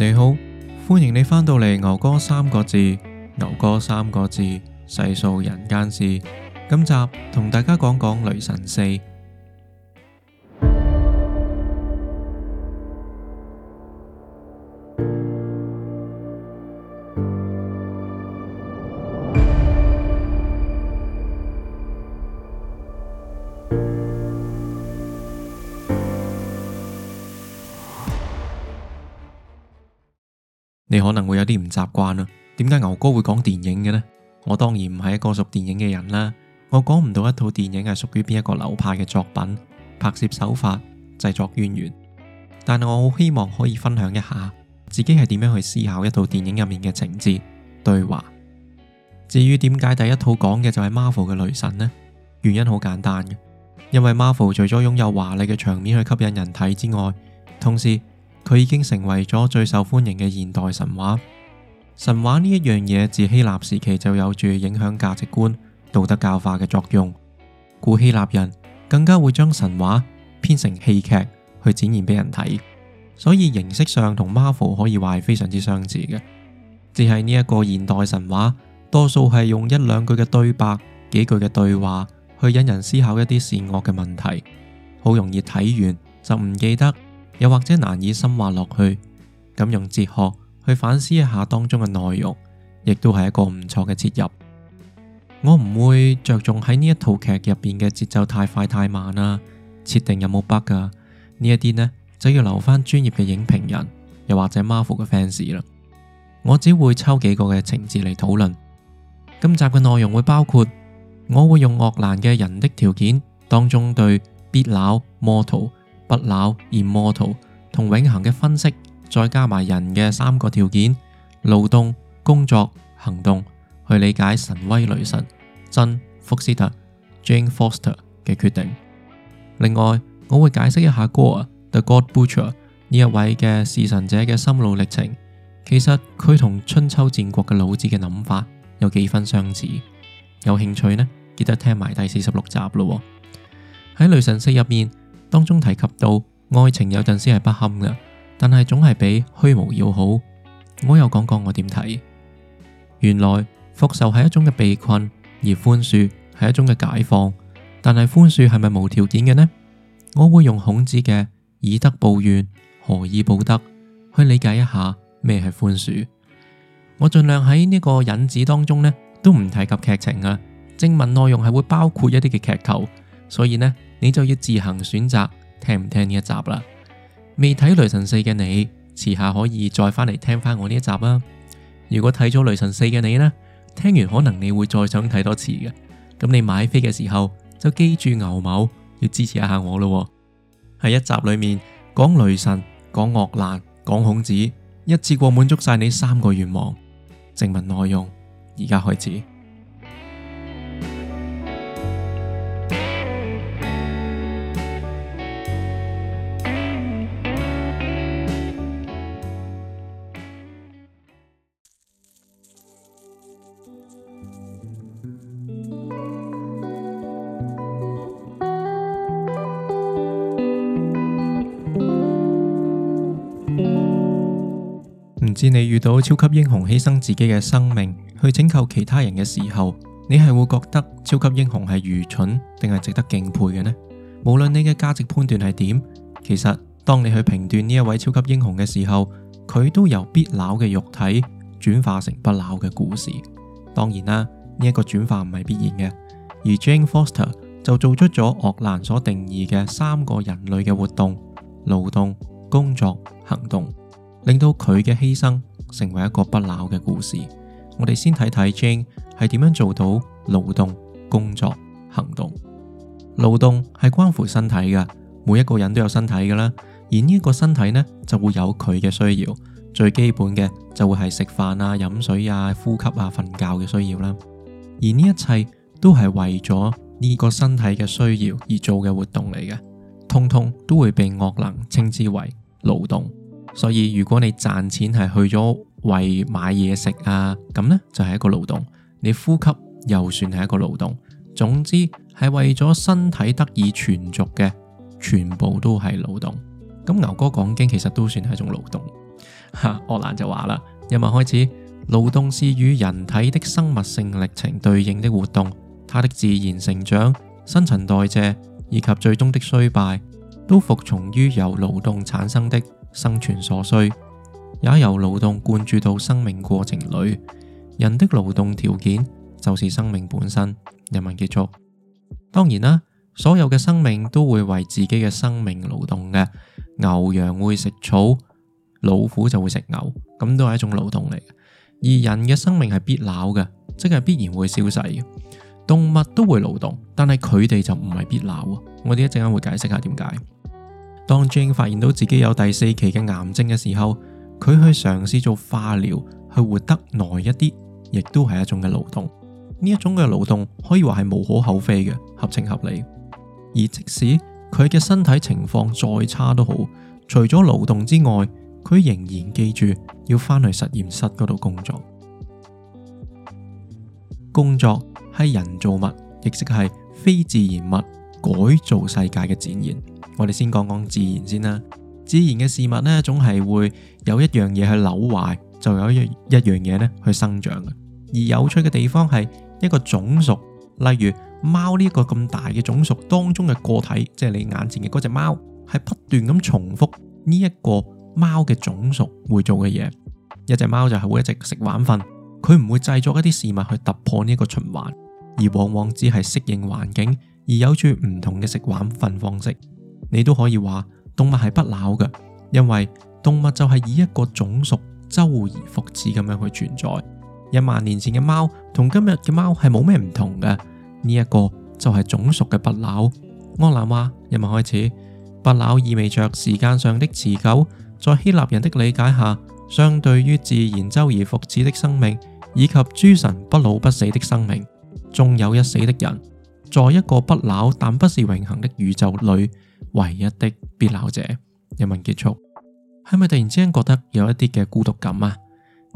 你好，歡迎你返到嚟。牛哥三個字，牛哥三個字，細數人間事。今集同大家講講《雷神四》。你可能會有啲唔習慣啊？點解牛哥會講電影嘅呢？我當然唔係一個熟電影嘅人啦，我講唔到一套電影係屬於邊一個流派嘅作品、拍攝手法、製作淵源。但我好希望可以分享一下自己係點樣去思考一套電影入面嘅情節、對話。至於點解第一套講嘅就係 Marvel 嘅《雷神》呢？原因好簡單嘅，因為 Marvel 除咗擁有華麗嘅場面去吸引人睇之外，同時佢已經成為咗最受歡迎嘅現代神話。神話呢一樣嘢自希臘時期就有住影響價值觀、道德教化嘅作用。古希臘人更加會將神話編成戲劇去展現俾人睇，所以形式上同 Marvel 可以話係非常之相似嘅。只係呢一個現代神話，多數係用一兩句嘅對白、幾句嘅對話去引人思考一啲善惡嘅問題，好容易睇完就唔記得。又或者難以深挖落去，咁用哲學去反思一下當中嘅內容，亦都係一個唔錯嘅切入。我唔會着重喺呢一套劇入邊嘅節奏太快太慢啦，設定有冇 bug 噶，呢一啲呢就要留返專業嘅影評人，又或者 Marvel 嘅 fans 啦。我只會抽幾個嘅情節嚟討論。今集嘅內容會包括，我會用鄂蘭嘅人的條件當中對必朽魔徒，Mortal, 不朽、immortal 同永恆嘅分析，再加埋人嘅三個條件：勞動、工作、行動，去理解神威雷神珍福斯特 （Jane Foster） 嘅決定。另外，我會解釋一下 Gorr The God Butcher 呢一位嘅弒神者嘅心路歷程。其實佢同春秋戰國嘅老子嘅諗法有幾分相似。有興趣呢，記得聽埋第四十六集咯。喺雷神四入面，當中提及到愛情有陣時係不堪噶，但係總係比虛無要好。我又講講我點睇。原來復仇係一種嘅被困，而寬恕係一種嘅解放。但係寬恕係咪無條件嘅呢？我會用孔子嘅以德報怨，何以報德，去理解一下咩係寬恕。我盡量喺呢個引子當中呢，都唔提及劇情啊，正文內容係會包括一啲嘅劇透，所以呢。你就要自行選擇聽唔聽呢一集啦。未睇雷神四嘅你，遲下可以再返嚟聽翻我呢一集啊。如果睇咗雷神四嘅你呢，聽完可能你會再想睇多次嘅。咁你買飛嘅時候就記住牛某要支持一下我咯。喺一集裏面講雷神、講鄂蘭、講孔子，一次過滿足晒你三個願望。正文內容，而家開始。至你遇到超級英雄犧牲自己嘅生命去拯救其他人嘅時候，你係會覺得超級英雄係愚蠢定係值得敬佩嘅呢？無論你嘅價值判斷係點，其實當你去評斷呢一位超級英雄嘅時候，佢都由必朽嘅肉體轉化成不朽嘅故事。當然啦，呢一個轉化唔係必然嘅。而 Jane Foster 就做出咗鄂蘭所定義嘅三個人類嘅活動：勞動、工作、行動。令到佢嘅犧牲成為一個不朽嘅故事。我哋先睇睇 Jane 係點樣做到勞動、工作、行動。勞動係關乎身體噶，每一個人都有身體噶啦。而呢一個身體呢，就會有佢嘅需要。最基本嘅就會係食飯啊、飲水啊、呼吸啊、瞓覺嘅啊需要啦。而呢一切都係為咗呢個身體嘅需要而做嘅活動嚟嘅，通通都會被鄂蘭稱之為勞動。所以如果你賺錢係去咗為買嘢食啊，咁呢就係、是、一個勞動。你呼吸又算係一個勞動。總之係為咗身體得以存續嘅，全部都係勞動。咁牛哥講經其實都算係一種勞動。吓， 鄂蘭就話啦：今日文開始，勞動是與人體的生物性歷程對應的活動，它的自然成長、新陳代謝以及最終的衰敗，都服從於由勞動產生的。生存所需，也由勞動灌注到生命過程裏。人的勞動條件就是生命本身。人民結束。當然啦，所有嘅生命都會為自己嘅生命勞動嘅。牛羊會食草，老虎就會食牛，咁都係一種勞動嚟。而人嘅生命係必朽嘅，即係必然會消逝嘅。動物都會勞動，但係佢哋就唔係必朽。我哋一陣間會解釋下點解。當 Jane 發現到自己有第四期嘅癌症嘅時候，佢去嘗試做化療，去活得耐一啲，亦都係一種嘅勞動。呢一種嘅勞動可以話係無可厚非嘅，合情合理。而即使佢嘅身體情況再差都好，除咗勞動之外，佢仍然記住要翻去實驗室嗰度工作。工作係人造物，亦即係非自然物，改造世界嘅展現。我哋先講講自然先啦。自然嘅事物呢，總係會有一樣嘢去扭壞，就有一一樣嘢呢去生長嘅。而有趣嘅地方係一個種屬，例如貓呢個咁大嘅種屬當中嘅個體，即係你眼前嘅嗰隻貓，係不斷咁重複呢一個貓嘅種屬會做嘅嘢。一隻貓就係會一直食玩瞓，佢唔會製作一啲事物去突破呢個循環，而往往只係適應環境，而有住唔同嘅食玩瞓方式。你都可以話動物係不朽嘅，因為動物就係以一個種屬周而復始咁樣去存在。一萬年前嘅貓同今日嘅貓係冇咩唔同嘅。呢一個就係種屬嘅不朽。鄂蘭話：一文開始，不朽意味着時間上的持久。在希臘人的理解下，相對於自然周而復始的生命，以及諸神不老不死的生命，終有一死的人，在一個不朽但不是永恆的宇宙裏。唯一的必朽者一問結束，係咪突然之間覺得有一啲嘅孤獨感啊？呢、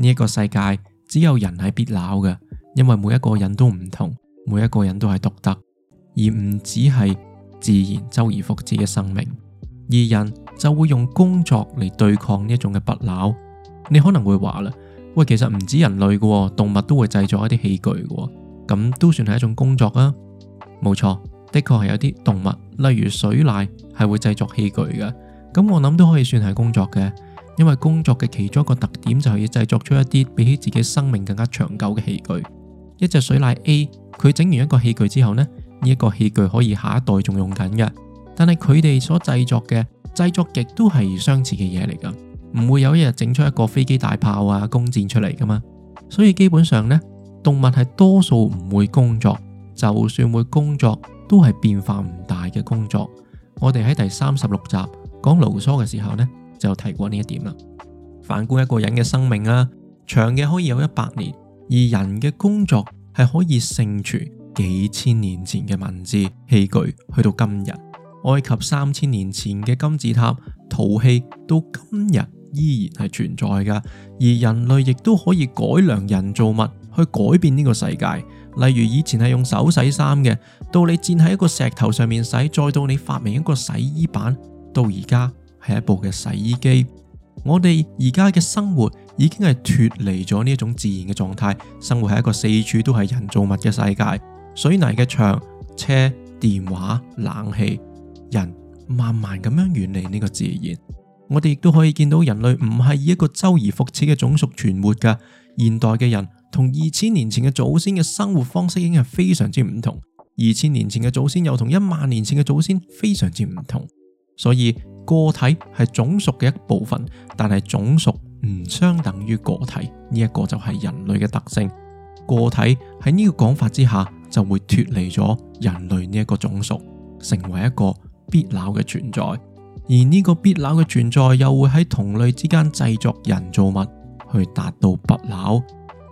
這、一個世界只有人係必朽嘅，因為每一個人都唔同，每一個人都係獨特，而唔只係自然周而復始嘅生命。而人就會用工作嚟對抗呢一種嘅不朽。你可能會話啦，喂，其實唔止人類嘅動物都會製作一啲器具嘅，咁，都算係一種工作啊。冇錯，的確係有啲動物，例如水獺。係會製作器具嘅，咁我諗都可以算係工作嘅，因為工作嘅其中一個特點就係要製作出一啲比起自己生命更加長久嘅器具。一隻水瀨 A 佢整完一個器具之後呢，呢、這、一個器具可以下一代仲用緊嘅。但係佢哋所製作嘅製作極都係相似嘅嘢嚟噶，唔會有一日整出一個飛機大炮啊，弓箭出嚟噶嘛。所以基本上呢，動物係多數唔會工作，就算會工作都係變化唔大嘅工作。我哋喺第三十六集講盧梭嘅時候呢，就提過呢一點啦。反觀一個人嘅生命啊，長嘅可以有一百年；而人嘅工作係可以盛存幾千年前嘅文字器具去到今日。埃及三千年前嘅金字塔陶器到今日依然係存在噶。而人類亦都可以改良人造物去改變呢個世界，例如以前係用手洗衫嘅。到你站喺一個石頭上面洗，再到你發明一個洗衣板，到而家係一部嘅洗衣機。我哋而家嘅生活已經係脫離咗呢一種自然嘅狀態，生活喺一個四處都係人造物嘅世界，水泥嘅牆、車、電話、冷氣，人慢慢咁樣遠離呢個自然。我哋亦都可以見到人類唔係以一個周而復始嘅種屬存活嘅。現代嘅人同二千年前嘅祖先嘅生活方式已經係非常之唔同。二千年前嘅祖先又同一萬年前嘅祖先非常之唔同，所以個體係種屬嘅一部分，但係種屬唔相等於個體，呢一個就係人類嘅特性。個體喺呢個講法之下就會脫離咗人類呢一個種屬，成為一個必朽嘅存在。而呢個必朽嘅存在又會喺同類之間製作人造物去達到不朽。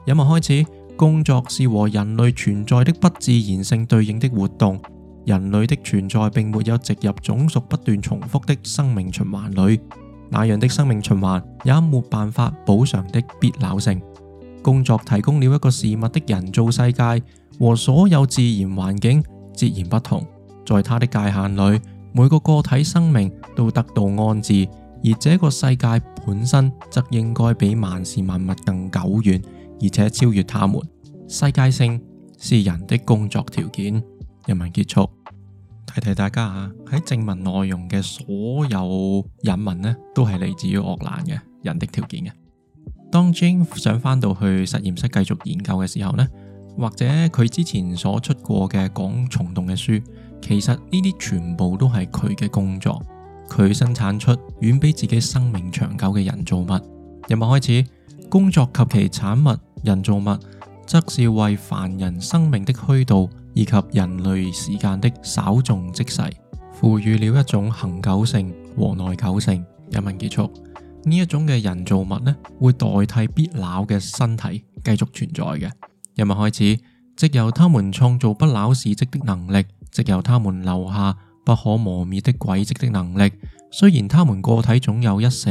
有冇開始？工作是和人類存在的不自然性對應的活動。人類的存在並沒有植入種屬不斷重複的生命循環裏，那樣的生命循環也沒辦法補償的必朽性。工作提供了一個事物的人造世界，和所有自然環境截然不同。在它的界限裏，每個個體生命都得到安置，而這個世界本身則應該比萬事萬物更久遠。而且超越他們，世界性是人的工作條件。引文結束。提提大家啊，喺正文內容嘅所有引文呢，都係嚟自於鄂蘭嘅人的條件嘅。當 Jane 想翻到去實驗室繼續研究嘅時候呢，或者佢之前所出過嘅講蟲洞嘅書，其實呢啲全部都係佢嘅工作，佢生產出遠比自己生命長久嘅人造物。引文開始。工作及其產物、人造物，則是為凡人生命的虛度以及人類時間的稍縱即逝，賦予了一種恆久性和耐久性。一文結束，呢一種嘅人造物呢，會代替必朽嘅身體繼續存在嘅。一文開始，藉由他們創造不朽事蹟的能力，藉由他們留下不可磨滅的軌跡的能力，雖然他們個體總有一死。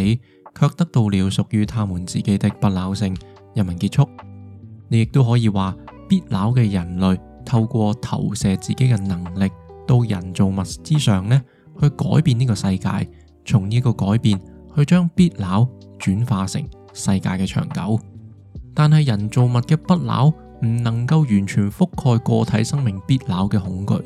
卻得到了屬於他們自己的不朽性。引文結束，你亦都可以話，必朽嘅人類透過投射自己嘅能力到人造物之上呢，去改變呢個世界，從呢一個改變去將必朽轉化成世界嘅長久。但係人造物嘅不朽唔能夠完全覆蓋個體生命必朽嘅恐懼，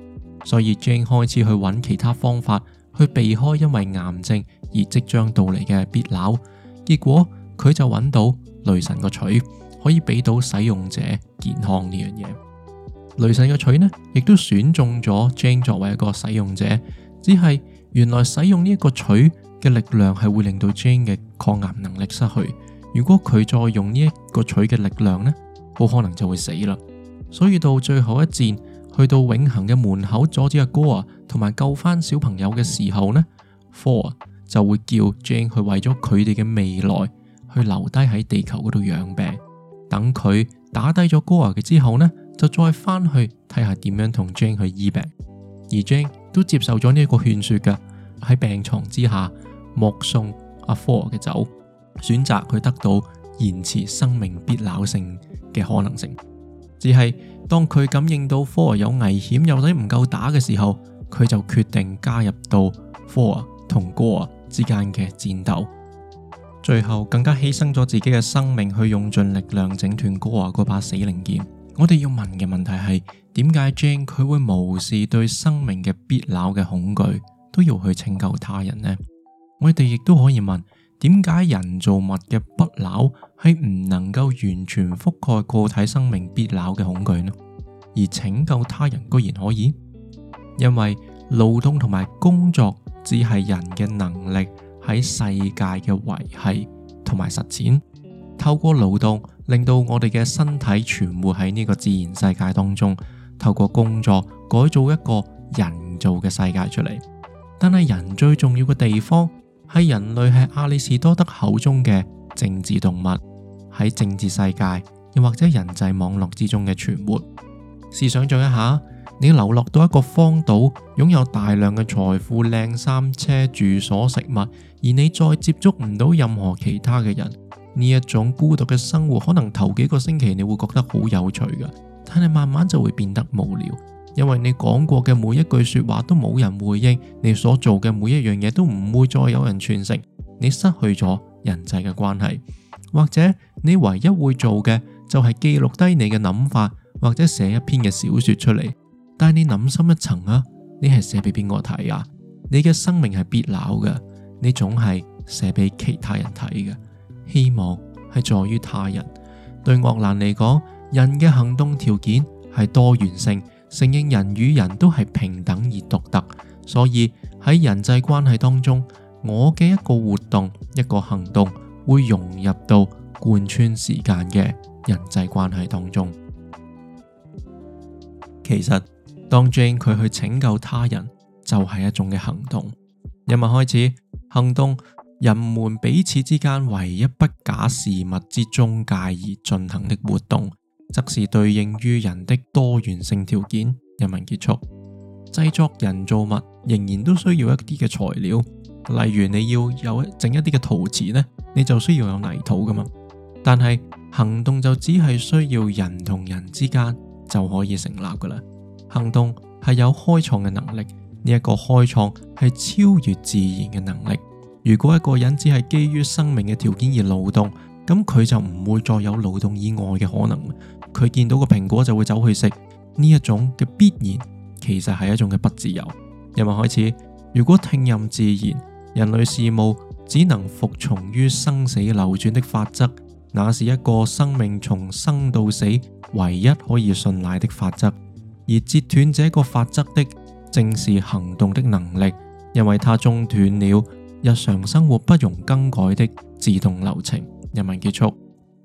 所以 Jane 開始去揾其他方法。去避開因為癌症而即將到嚟嘅必朽，結果佢就揾到雷神個鎚，可以俾到使用者健康呢樣嘢。雷神個鎚呢，亦都選中咗 Jane 作為一個使用者，只係原來使用呢一個鎚嘅力量係會令到 Jane 嘅抗癌能力失去。如果佢再用呢一個鎚嘅力量呢，好可能就會死啦。所以到最後一戰，去到永恆嘅門口阻止阿 Gorr，同埋救翻小朋友嘅時候呢，Thor 就會叫 Jane 去為咗佢哋嘅未來去留低喺地球嗰度養病，等佢打低咗 Gorr 嘅之後呢，就再翻去睇下點樣同 Jane 去醫病。而 Jane 都接受咗呢一個勸說噶，喺病床之下目送阿 Thor 嘅走，選擇佢得到延遲生命必朽性嘅可能性。只係當佢感應到科啊有危險，又或唔夠打嘅時候，佢就決定加入到科啊同哥啊之間嘅戰鬥，最後更加犧牲咗自己嘅生命去用盡力量整斷哥啊嗰把死靈劍。我哋要問嘅問題係，點解 Jane 佢會無視對生命嘅必朽嘅恐懼，都要去拯救他人呢？我哋亦都可以問。點解人造物嘅不朽係唔能夠完全覆蓋個體生命必朽嘅恐懼呢？而拯救他人居然可以？因為勞動同埋工作只係人嘅能力喺世界嘅維繫同埋實踐。透過勞動，令到我哋嘅身體存活喺呢個自然世界當中；透過工作，改造一個人造嘅世界出嚟。但係人最重要嘅地方。係人類係亞里士多德口中嘅政治動物，喺政治世界又或者人際網絡之中嘅存活。試想象一下，你流落到一個荒島，擁有大量嘅財富、靚衫、車、住所、食物，而你再接觸唔到任何其他嘅人，呢一種孤獨嘅生活，可能頭幾個星期你會覺得好有趣㗎，但係慢慢就會變得無聊。因為你講過嘅每一句說話都冇人回應，你所做嘅每一樣嘢都唔會再有人傳承，你失去咗人際嘅關係，或者你唯一會做嘅就係記錄低你嘅諗法，或者寫一篇嘅小說出嚟。但你諗深一層啊，你係寫俾邊個睇啊？你嘅生命係必朽嘅，你總係寫俾其他人睇嘅，希望係在於他人。對鄂蘭嚟講，人嘅行動條件係多元性。承認人與人都係平等而獨特，所以喺人際關係當中，我嘅一個活動、一個行動，會融入到貫穿時間嘅人際關係當中。其實，當 Jane 佢去拯救他人，就係一種嘅行動。因為開始行動，人們彼此之間唯一不假事物之中介而進行的活動。則是對應於人的多元性條件，人民結束製作人造物仍然都需要一啲嘅材料，例如你要有一整一啲嘅陶瓷呢，你就需要有泥土噶嘛。但係行動就只係需要人同人之間就可以成立噶啦。行動係有開創嘅能力，呢、這、一個開創係超越自然嘅能力。如果一個人只係基於生命嘅條件而勞動，咁佢就唔會再有勞動以外嘅可能。佢見到個蘋果就會走去食，呢一種嘅必然，其實係一種嘅不自由。引文開始，如果聽任自然，人類事務只能服從於生死流轉的法則，那是一個生命從生到死唯一可以信賴的法則。而截斷這個法則的，正是行動的能力，因為它中斷了日常生活不容更改的自動流程。引文結束。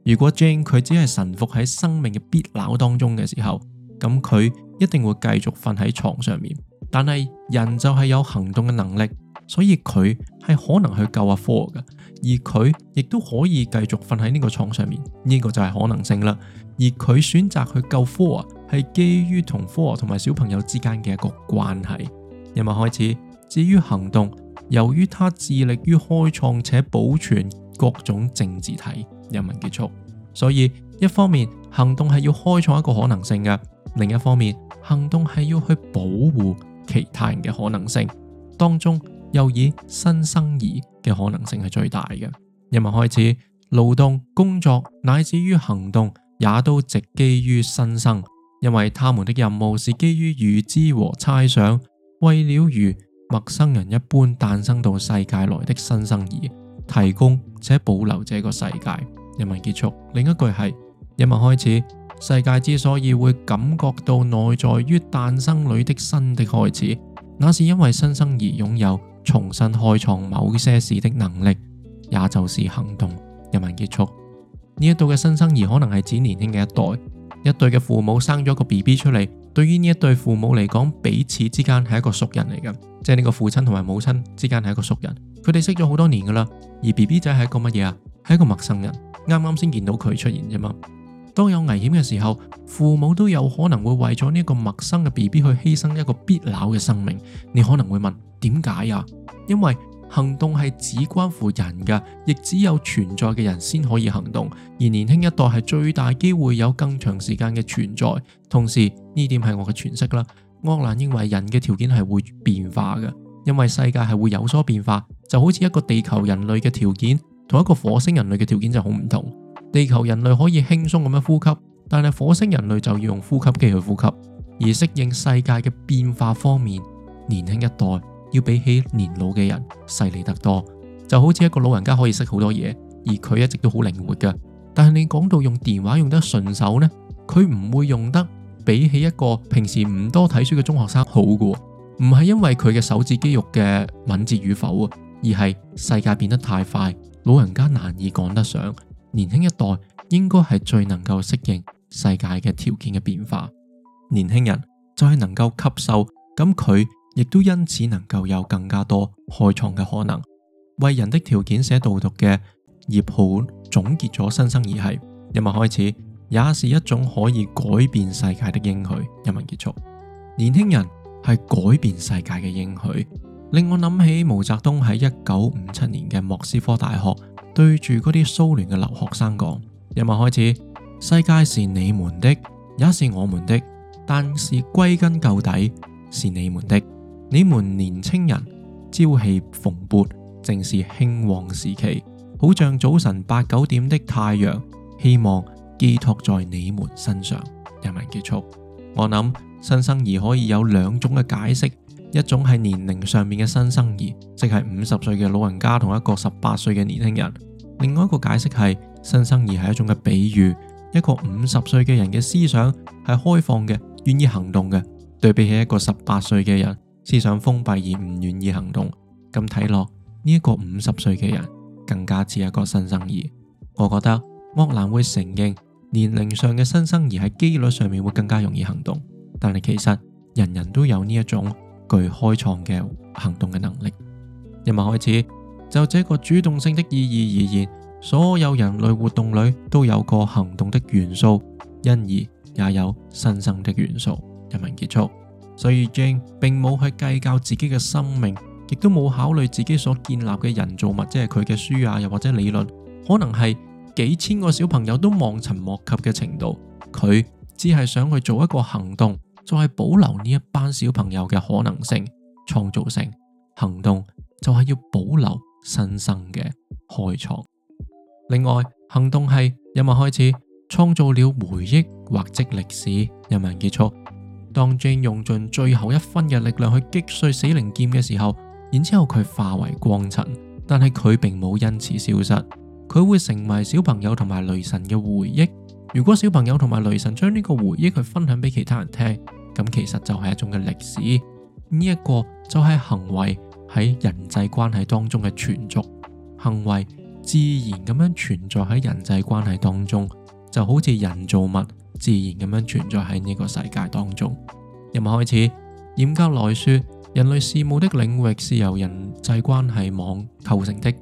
如果 Jane 佢只係臣服喺生命嘅必朽當中嘅時候，咁佢一定會繼續瞓喺床上面。但係人就係有行動嘅能力，所以佢係可能去救阿科嘅，而佢亦都可以繼續瞓喺呢個床上面。呢、這個就係可能性啦。而佢選擇去救科，o 係基於同科同埋小朋友之間嘅一個關係。今日文開始，至於行動，由於他致力於開創且保存各種政治體，人民結束，所以一方面行動係要開創一個可能性嘅，另一方面行動係要去保護其他人嘅可能性。當中又以新生兒嘅可能性係最大嘅。人民開始，勞動、工作乃至於行動也都植基於新生，因為他們的任務是基於預知和猜想，為了如陌生人一般誕生到世界來的新生兒提供且保留這個世界。引文結束，另一句係引文開始。世界之所以會感覺到內在於誕生裡的新的開始，那是因為新生兒擁有重新開創某些事的能力，也就是行動。引文結束，呢一度嘅新生兒可能係指年輕嘅一代，一對嘅父母生咗一個 B B 出嚟，對於呢一對父母嚟講，彼此之間係一個熟人嚟嘅，即係呢個父親同埋母親之間係一個熟人，佢哋識咗好多年噶啦。而 B B 仔係一個乜嘢啊？係一個陌生人，啱啱先見到佢出現啫嘛。當有危險嘅時候，父母都有可能會為咗呢一個陌生嘅 BB 去犧牲一個必朽嘅生命。你可能會問點解啊？因為行動係只關乎人噶，亦只有存在嘅人先可以行動。而年輕一代係最大機會有更長時間嘅存在。同時呢點係我嘅詮釋啦。鄂蘭認為人嘅條件係會變化噶，因為世界係會有所變化，就好似一個地球，人類嘅條件。同一個火星人類嘅條件就好唔同，地球人類可以輕鬆咁樣呼吸，但係火星人類就要用呼吸機去呼吸。而適應世界嘅變化方面，年輕一代要比起年老嘅人犀利得多。就好似一個老人家可以識好多嘢，而佢一直都好靈活㗎。但係你講到用電話用得順手呢？佢唔會用得比起一個平時唔多睇書嘅中學生好㗎，唔係因為佢嘅手指肌肉嘅敏捷與否啊，而係世界變得太快。老人家難以講得上，年輕一代應該係最能夠適應世界嘅條件嘅變化。年輕人就係能夠吸收，咁佢亦都因此能夠有更加多開創嘅可能。為人的條件寫導讀嘅葉浩總結咗新生兒係：一文開始，也是一種可以改變世界的應許；一文結束，年輕人係改變世界嘅應許。令我諗起毛澤東喺一九五七年嘅莫斯科大學對住嗰啲蘇聯嘅留學生講：，人民開始，世界是你們的，也是我們的，但是歸根究底，是你們的。你們年輕人朝氣蓬勃，正是興旺時期，好像早晨八九點的太陽。希望寄託在你們身上。人民結束，我諗新生兒可以有兩種嘅解釋。一種係年齡上面嘅新生兒，即係五十歲嘅老人家同一個十八歲嘅年輕人。另外一個解釋係新生兒係一種嘅比喻，一個五十歲嘅人嘅思想係開放嘅，願意行動嘅，對比起一個十八歲嘅人思想封閉而唔願意行動。咁睇落呢一個五十歲嘅人更加似一個新生兒。我覺得鄂蘭會承認年齡上嘅新生兒喺機率上面會更加容易行動，但係其實人人都有呢一種。具開創嘅行動嘅能力。引文開始，就這個主動性的意義而言，所有人類活動裏都有個行動的元素，因而也有新生的元素。引文結束，所以 Jane 並冇去計較自己嘅生命，亦都冇考慮自己所建立嘅人造物，即係佢嘅書啊，又或者理論，可能係幾千個小朋友都望塵莫及嘅程度。佢只係想去做一個行動。就係保留呢一班小朋友嘅可能性、創造性、行動，就係要保留新生嘅開創。另外，行動係人們開始創造了回憶或即歷史，人們結束。當 Jane 用盡最後一分嘅力量去擊碎死靈劍嘅時候，然之後佢化為光塵，但係佢並冇因此消失，佢會成為小朋友同埋雷神嘅回憶。如果小朋友同埋雷神將呢個回憶去分享俾其他人聽。咁其實就係一種嘅歷史，呢一個就係行為喺人際關係當中嘅存續，行為自然咁樣存在喺人際關係當中，就好似人造物自然咁樣存在喺呢個世界當中。一開始，嚴格來說，人類事務的領域是由人際關係網構成的，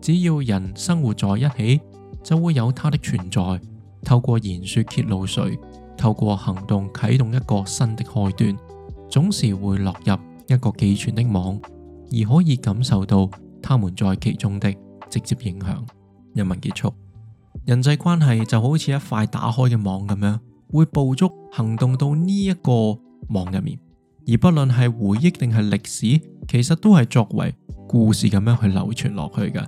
只要人生活在一起，就會有它的存在。透過言説揭露誰？透過行動啟動一個新的開端，總是會落入一個既存的網，而可以感受到他們在其中的直接影響。人民結束，人際關係就好似一塊打開嘅網咁樣，會捕捉行動到呢一個網入面，而不論係回憶定係歷史，其實都係作為故事咁樣去流傳落去嘅。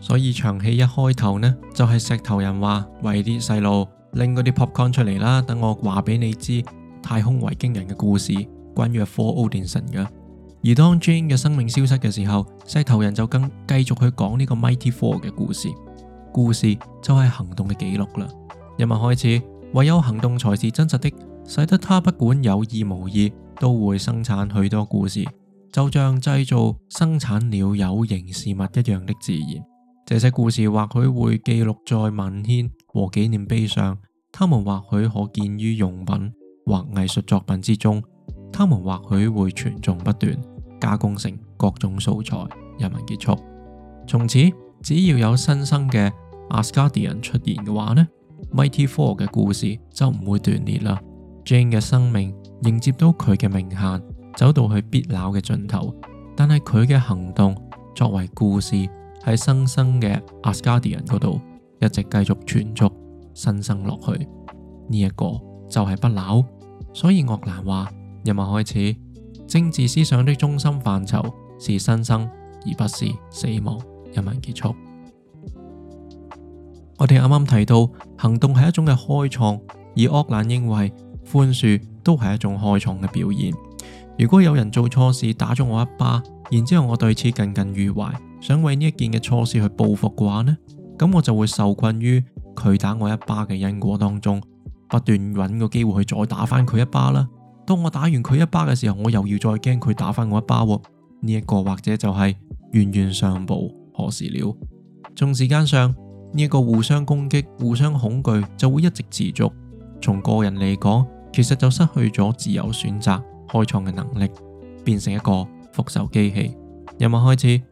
所以長戲一開頭呢，就係、是、石頭人話為啲細路，拎嗰啲 popcorn 出嚟啦，等我話俾你知太空維京人嘅故事，關於 Four Odinson 嘅。而當 Jane 嘅生命消失嘅時候，石頭人就更繼續去講呢個 Mighty Four 嘅故事，故事就係行動嘅記錄啦。因為開始，唯有行動才是真實的，使得它不管有意無意都會生產許多故事，就像製造生產了有形事物一樣的自然。這些故事或許會記錄在文獻和紀念碑上，他們或許可見於用品或藝術作品之中，他們或許會傳頌不斷，加工成各種素材。人民結束，從此只要有新生嘅阿斯加人出現嘅話呢，Mighty Thor 嘅故事就唔會斷裂啦。Jane 嘅生命迎接到佢嘅命限，走到去必朽嘅盡頭，但係佢嘅行動作為故事。喺新生嘅阿斯加迪人嗰度，一直繼續存續新生落去呢一個就係不朽。所以鄂蘭話：今日開始，政治思想的中心範疇是新生，而不是死亡。今日結束，我哋啱啱提到行動係一種嘅開創，而鄂蘭認為寬恕都係一種開創嘅表現。如果有人做錯事，打咗我一巴，然之後我對此耿耿於懷。想為呢一件嘅錯事去報復嘅話呢，咁我就會受困於佢打我一巴嘅因果當中，不斷揾個機會去再打翻佢一巴啦。當我打完佢一巴嘅時候，我又要再驚佢打翻我一巴。呢一個或者就係冤冤相報何時了？從時間上呢個互相攻擊、互相恐懼就會一直持續。從個人嚟講，其實就失去咗自由選擇、開創嘅能力，變成一個復仇機器。有冇開始？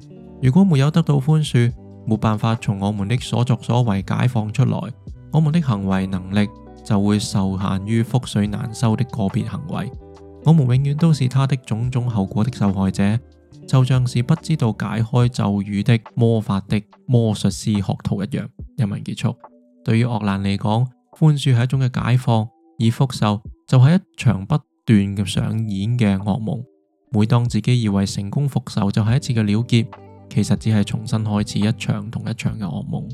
如果沒有得到寬恕，沒辦法從我們的所作所為解放出來，我們的行為能力就會受限於覆水難收的個別行為。我們永遠都是他的種種後果的受害者，就像是不知道解開咒語的魔法的魔法的魔術師學徒一樣。一文結束，對於鄂蘭嚟講，寬恕係一種嘅解放，而復仇就係一場不斷嘅上演嘅惡夢。每當自己以為成功復仇，就係一次嘅了結。其實只係重新開始一場同一場嘅惡夢。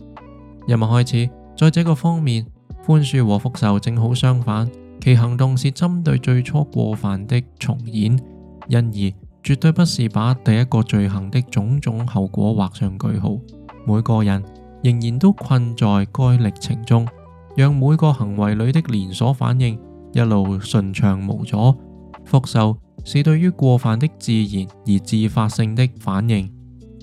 任務開始，在這個方面，寬恕和復仇正好相反。其行動是針對最初過犯的重演，因而絕對不是把第一個罪行的種種後果畫上句號。每個人仍然都困在該歷程中，讓每個行為裏的連鎖反應一路順暢無阻。復仇是對於過犯的自然而自發性的反應。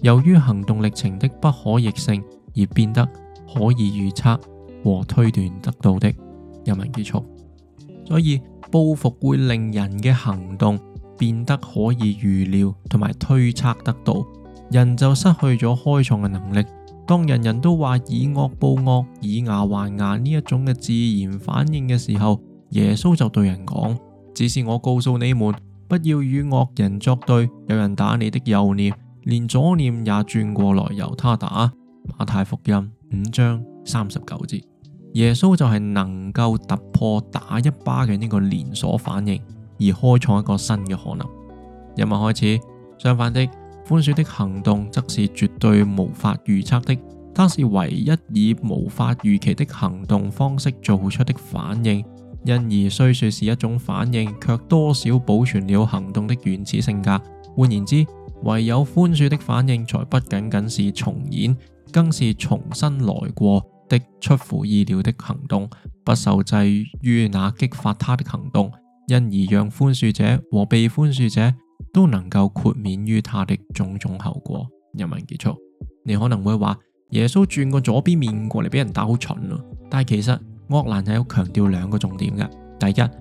由於行動歷程的不可逆性，而變得可以預測和推斷得到的。人人基礎，所以報復會令人嘅行動變得可以預料同埋推測得到，人就失去咗開創嘅能力。當人人都話以惡報惡、以牙還牙呢一種嘅自然反應嘅時候，耶穌就對人講：「只是我告訴你們，不要與惡人作對。有人打你的右臉。連左臉也轉過來，由他打。馬太福音五章三十九節。耶穌就係能夠突破打一巴嘅呢個連鎖反應，而開創一個新嘅可能。一文開始，相反的寬恕的行動則是絕對無法預測的，它是唯一以無法預期的行動方式做出的反應，因而雖說是一種反應，卻多少保存了行動的原始性格。換言之，唯有寬恕的反應，才不僅僅是重演，更是重新來過的出乎意料的行動，不受制於那激發他的行動，因而讓寬恕者和被寬恕者都能夠豁免於他的種種後果。引文結束，你可能會話耶穌轉過左邊面過嚟俾人打好蠢啊！但其實鄂蘭係有強調兩個重點㗎，第一，呢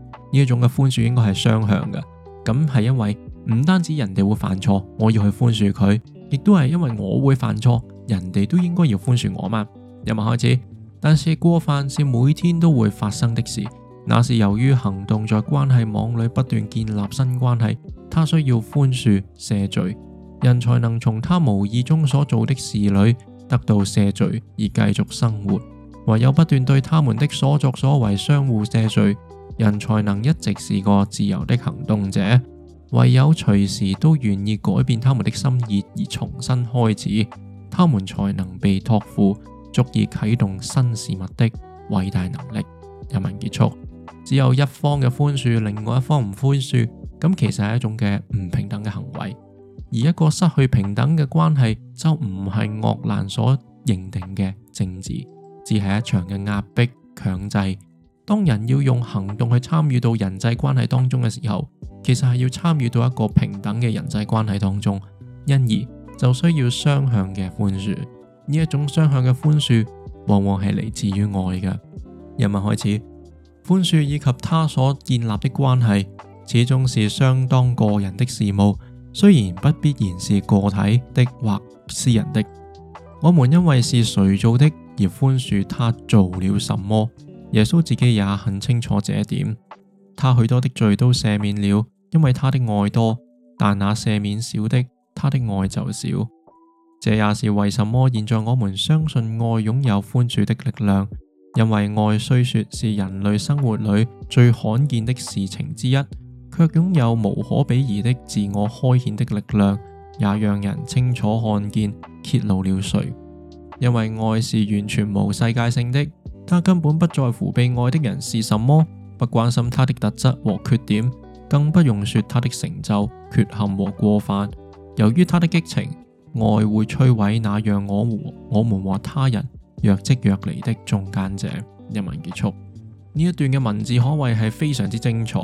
一種嘅寬恕應該係雙向嘅，咁係因為。唔單止人哋會犯錯，我要去寬恕佢，亦都係因為我會犯錯，人哋都應該要寬恕我嘛。今日開始，但是過犯是每天都會發生的事，那是由於行動在關係網裏不斷建立新關係，他需要寬恕赦罪，人才能從他無意中所做的事裏得到赦罪而繼續生活。唯有不斷對他們的所作所為相互赦罪，人才能一直是個自由的行動者。唯有隨時都願意改變他們的心意而重新開始，他們才能被託付足以啟動新事物的偉大能力。人民結束，只有一方嘅寬恕，另外一方唔寬恕，咁其實係一種嘅唔平等嘅行為。而一個失去平等嘅關係，就唔係鄂蘭所認定嘅政治，只係一場嘅壓迫、強制。當人要用行動去參與到人際關係當中嘅時候，其實係要參與到一個平等嘅人際關係當中，因而就需要雙向嘅寬恕。呢一種雙向嘅寬恕，往往係嚟自於愛嘅。人物開始，寬恕以及他所建立的關係，始終是相當個人的事務，雖然不必然是個體的或私人的。我們因為是誰做的而寬恕他做了什麼。耶穌自己也很清楚這點，他許多的罪都赦免了，因為他的愛多。但那赦免少的，他的愛就少。這也是為什麼現在我們相信愛擁有寬恕的力量，因為愛雖說是人類生活裏最罕見的事情之一，卻擁有無可比擬的自我開顯的力量，也讓人清楚看見揭露了誰，因為愛是完全無世界性的。他根本不在乎被愛的人是什麼，不關心他的特質和缺點，更不用說他的成就、缺陷和過犯。由於他的激情，愛會摧毀那樣我和我們或他人若即若離的中間者。一文結束，呢一段嘅文字可謂係非常之精彩。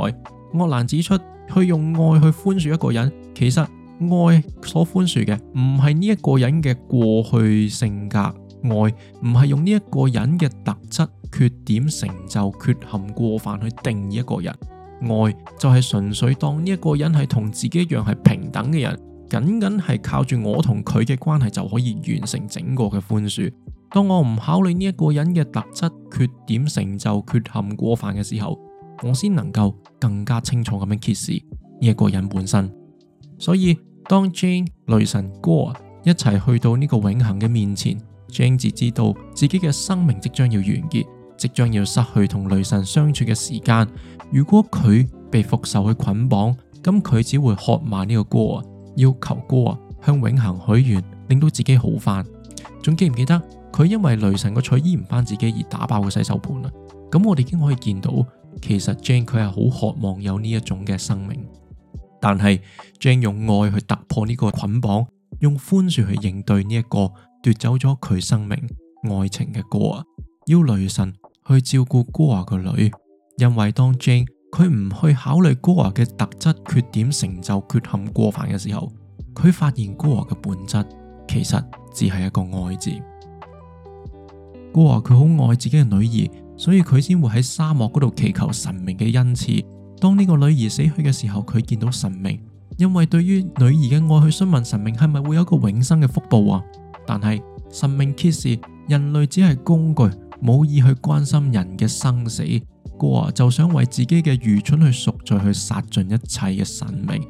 鄂蘭指出，去用愛去寬恕一個人，其實愛所寬恕嘅唔係呢一個人嘅過去性格。愛唔係用呢一個人嘅特質、缺點、成就、缺陷、過犯去定義一個人。愛就係純粹當呢一個人係同自己一樣係平等嘅人，僅僅係靠住我同佢嘅關係就可以完成整個嘅寬恕。當我唔考慮呢一個人嘅特質、缺點、成就、缺陷、過犯嘅時候，我先能夠更加清楚咁樣揭示呢一個人本身。所以當 Jane、雷神、Gorr 一齊去到呢個永恆嘅面前。j a m e 知道自己嘅生命即將要完結，即將要失去同雷神相處嘅時間。如果佢被復仇去捆綁，咁佢只會喝罵呢個歌，啊，要求歌啊向永恒許願，令到自己好翻。仲記唔記得佢因為雷神個取醫唔翻自己而打爆個洗手盤啊？咁我哋已經可以見到，其實 j a m e 佢係好渴望有呢一種嘅生命，但係 j a m e 用愛去突破呢個捆綁，用寬恕去應對呢、這、一個。奪走咗佢生命愛情嘅 Gorr，要雷神去照顧 Gorr 個女。因為當 Jane 佢唔去考慮 Gorr 嘅特質、缺點、成就、缺陷、過犯嘅時候，佢發現 Gorr 嘅本質其實只係一個愛字。Gorr，佢好愛自己嘅女兒，所以佢先會喺沙漠嗰度祈求神明嘅恩賜。當呢個女兒死去嘅時候，佢見到神明，因為對於女兒嘅愛，去詢問神明係咪會有一個永生嘅福報啊。但係神明揭示，人類只係工具，冇意去關心人嘅生死。Gorr 就想為自己嘅愚蠢去贖罪，去殺盡一切嘅神明。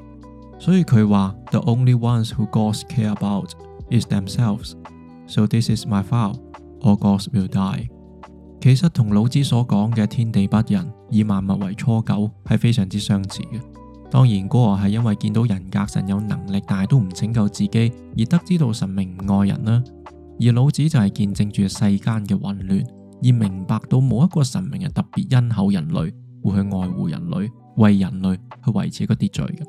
所以佢話：The only ones who gods care about is themselves. So this is my vow. All gods will die。其實同老子所講嘅「天地不仁，以萬物為芻狗」係非常之相似嘅。當然，哥啊係因為見到人格神有能力，但係都唔拯救自己，而得知道神明唔愛人啦。而老子就係見證住世間嘅混亂，而明白到冇一個神明係特別恩厚人類，會去愛護人類，為人類去維持一個秩序嘅。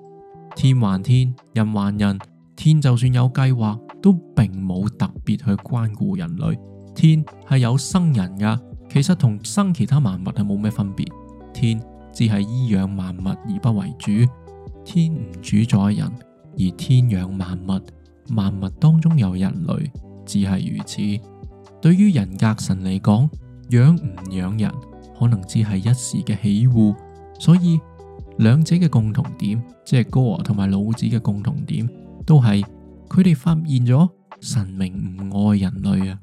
天還天，人還人，天就算有計劃，都並冇特別去關顧人類。天係有生人噶，其實同生其他萬物係冇咩分別。天。只係衣養萬物而不為主，天唔主宰人，而天養萬物，萬物當中有人類，只係如此。對於人格神嚟講，養唔養人，可能只係一時嘅喜惡。所以兩者嘅共同點，即係 Gorr 同埋老子嘅共同點，都係佢哋發現咗神明唔愛人類啊，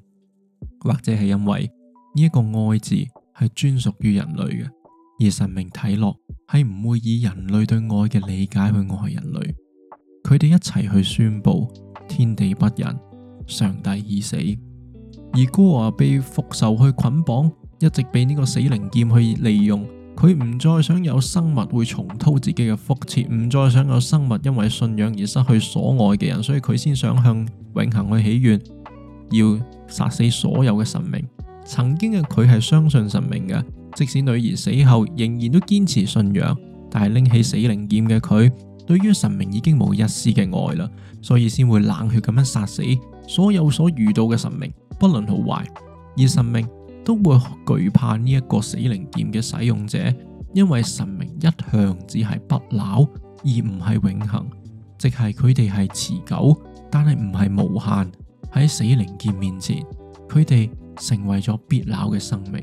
或者係因為呢一個愛字係專屬於人類嘅。而神明睇落係唔會以人類對愛嘅理解去愛人類，佢哋一齊去宣布天地不仁，上帝已死。而 Gorr 被復仇去捆綁，一直被呢個死靈劍去利用。佢唔再想有生物會重蹈自己嘅覆轍，唔再想有生物因為信仰而失去所愛嘅人，所以佢先想向永恒去祈願，要殺死所有嘅神明。曾經嘅佢係相信神明嘅。即使女兒死後仍然都堅持信仰，但係拎起死靈劍嘅佢，對於神明已經冇一絲嘅愛啦，所以先會冷血咁樣殺死所有所遇到嘅神明，不論好壞。而神明都會懼怕呢一個死靈劍嘅使用者，因為神明一向只係不朽而唔係永恆，即係佢哋係持久，但係唔係無限。喺死靈劍面前，佢哋成為咗必朽嘅生命。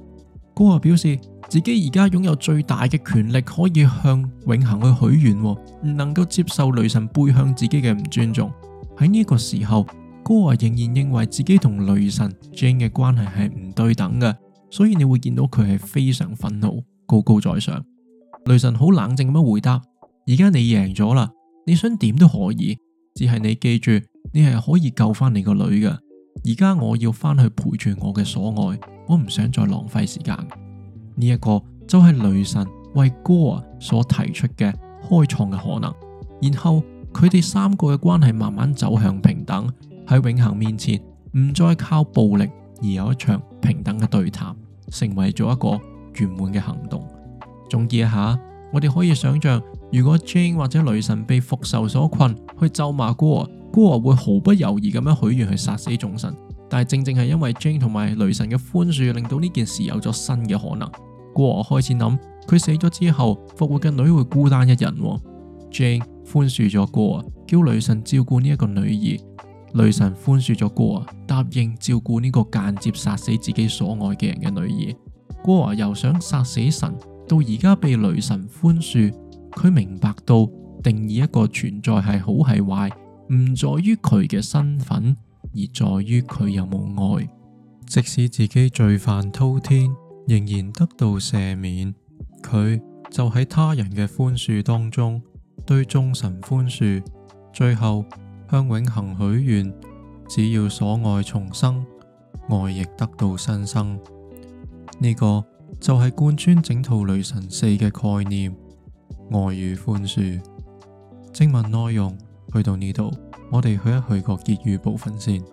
哥話表示自己而家擁有最大嘅權力，可以向永恒去許願，唔能夠接受雷神背向自己嘅唔尊重。喺呢個時候，哥仍然認為自己同雷神 Jane 嘅關係係唔對等嘅，所以你會見到佢係非常憤怒，高高在上。雷神好冷靜咁樣回答：而家你贏咗啦，你想點都可以，只係你記住，你係可以救翻你個女嘅。而家我要翻去陪住我嘅所愛。我唔想再浪費時間，呢一個就係雷神為哥啊所提出嘅開創嘅可能。然後佢哋三個嘅關係慢慢走向平等，喺永恆面前唔再靠暴力，而有一場平等嘅對談，成為咗一個圓滿嘅行動。總結一下，我哋可以想象，如果 Jane 或者雷神被復仇所困，去咒罵哥啊，哥啊會毫不猶豫咁樣許願去殺死眾神。但係正正係因為 Jane 同埋雷神嘅寬恕，令到呢件事有咗新嘅可能。郭過開始諗，佢死咗之後復活嘅女會孤單一人。Jane 寬恕咗郭過，叫雷神照顧呢一個女兒。雷神寬恕咗郭過，答應照顧呢個間接殺死自己所愛嘅人嘅女兒。郭過又想殺死神，到而家被雷神寬恕，佢明白到定義一個存在係好係壞，唔在於佢嘅身份，而在於佢有冇愛，即使自己罪犯滔天，仍然得到赦免。佢就喺他人嘅寬恕當中，對眾神寬恕，最後向永恆許願：只要所愛重生，愛亦得到新生。呢個就係貫穿整套雷神四嘅概念：愛與寬恕。正文內容去到呢度。我哋去一去個結語部分先。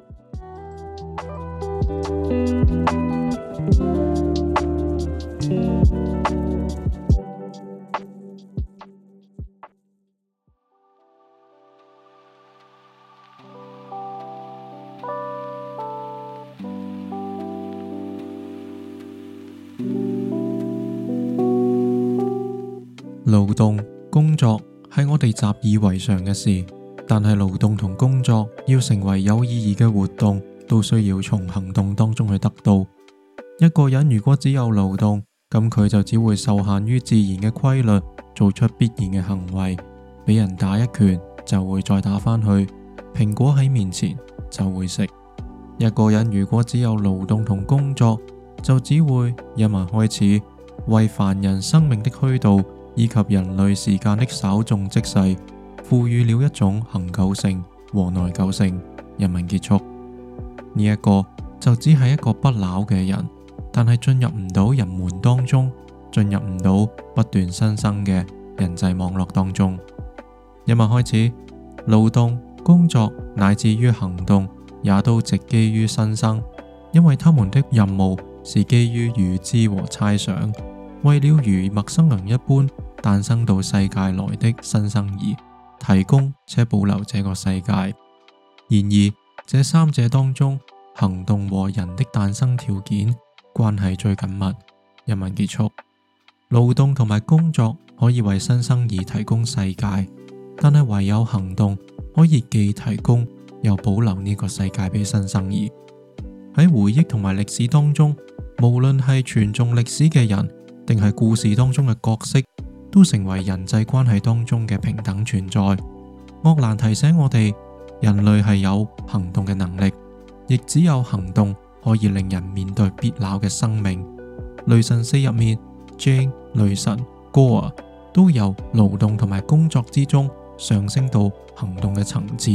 勞動、工作，係我哋習以為常嘅事。但係勞動同工作要成為有意義嘅活動，都需要從行動當中去得到。一個人如果只有勞動，咁佢就只會受限於自然嘅規律，做出必然嘅行為。俾人打一拳就會再打返去，蘋果喺面前就會食。一個人如果只有勞動同工作，就只會一文開始，為凡人生命的虛度以及人類時間的稍縱即逝。賦予了一種恆久性和耐久性。人民結束呢一、這個就只係一個不朽嘅人，但係進入唔到人們當中，進入唔到不斷新生嘅人際網絡當中。人民開始勞動、工作乃至於行動，也都植基於新生，因為他們的任務是基於預知和猜想，為了如陌生人一般誕生到世界來的新生兒。提供且保留這個世界。然而，這三者當中，行動和人的誕生條件關係最緊密。一文結束，勞動同埋工作可以為新生兒提供世界，但係唯有行動可以既提供又保留呢個世界俾新生兒。喺回憶同埋歷史當中，無論係傳頌歷史嘅人，定係故事當中嘅角色，都成為人際關係當中嘅平等存在。鄂蘭提醒我哋，人類係有行動嘅能力，亦只有行動可以令人面對必朽嘅生命。雷神四入面，Jane、雷神、Gorr 都由勞動同埋工作之中上升到行動嘅層次。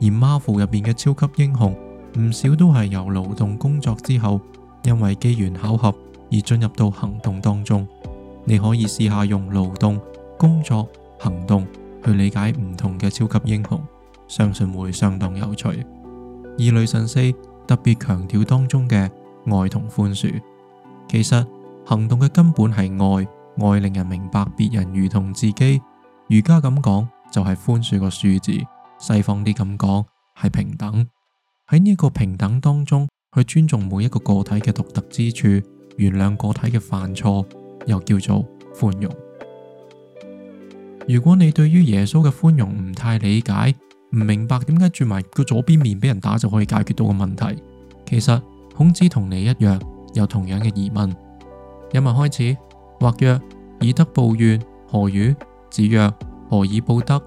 而 Marvel 入面嘅超級英雄，唔少都係由勞動工作之後，因為機緣巧合而進入到行動當中。你可以試下用勞動、工作、行動去理解唔同嘅超級英雄，相信會相當有趣。而雷神四特別強調當中嘅愛同寬恕，其實行動嘅根本係愛，愛令人明白別人如同自己。儒家咁講就係寬恕個恕字，西方啲咁講係平等。喺呢一個平等當中去尊重每一個個體嘅獨特之處，原諒個體嘅犯錯。又叫做寬容。如果你對於耶穌嘅寬容唔太理解，唔明白點解轉埋個左邊面俾人打就可以解決到個問題，其實孔子同你一樣有同樣嘅疑問。有文開始，或曰以德報怨，何如？子曰：何以報德？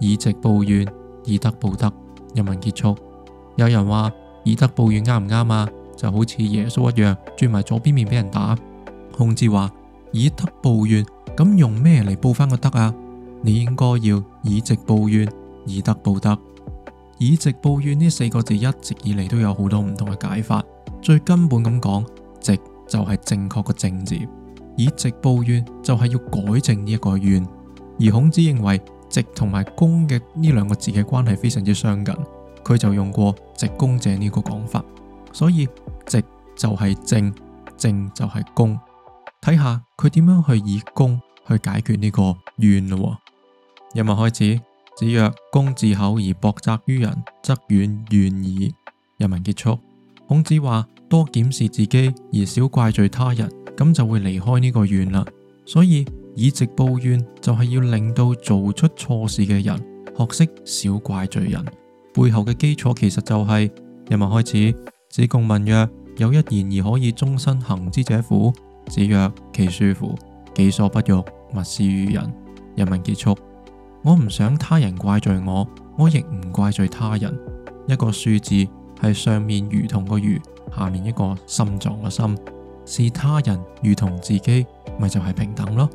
以直報怨，以德報德。有文結束。有人話以德報怨啱唔啱啊？就好似耶穌一樣轉埋左邊面俾人打。孔子話。以德報怨，咁用咩嚟報翻個德啊？你應該要以直報怨，以德報德。以直報怨呢四個字一直以嚟都有好多唔同嘅解法。最根本咁講，直就係正確嘅正字，以直報怨就係要改正呢一個怨。而孔子認為直同埋公嘅呢兩個字嘅關係非常之相近，佢就用過直公者呢個講法。所以直就係正，正就係公。睇下佢點樣去以公去解決呢個怨咯。引文開始，子曰：躬自厚而薄責於人，則遠怨矣。引文結束，孔子話多檢視自己而少怪罪他人，咁就會離開呢個怨啦。所以以直報怨就係要令到做出錯事嘅人學識少怪罪人。背後嘅基礎其實就係、是、引文開始，子貢問曰：有一言而可以終身行之者乎？子曰：其恕乎？己所不欲，勿施於人。引文結束，我唔想他人怪罪我，我亦唔怪罪他人。一個恕字，係上面如同個如，下面一個心臟個心，視他人如同自己，咪就係、是、平等咯。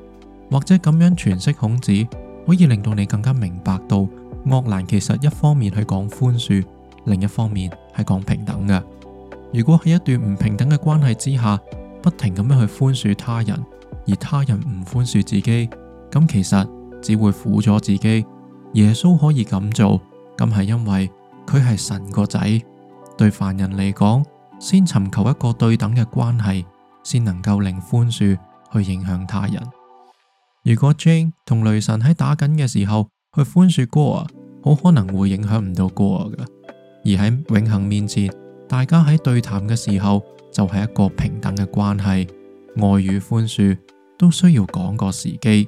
或者咁樣詮釋孔子，可以令到你更加明白到，鄂蘭其實一方面係講寬恕，另一方面係講平等嘅。如果喺一段唔平等嘅關係之下，不停咁樣去寬恕他人，而他人唔寬恕自己，咁其實只會苦咗自己。耶穌可以咁做，咁係因為佢係神個仔。對凡人嚟講，先尋求一個對等嘅關係，先能夠令寬恕去影響他人。如果 Jane 同雷神喺打緊嘅時候去寬恕 Gorr 啊，好可能會影響唔到 Gorr 噶。而喺永恒面前，大家喺對談嘅時候，就係一個平等嘅關係，愛與寬恕都需要講個時機。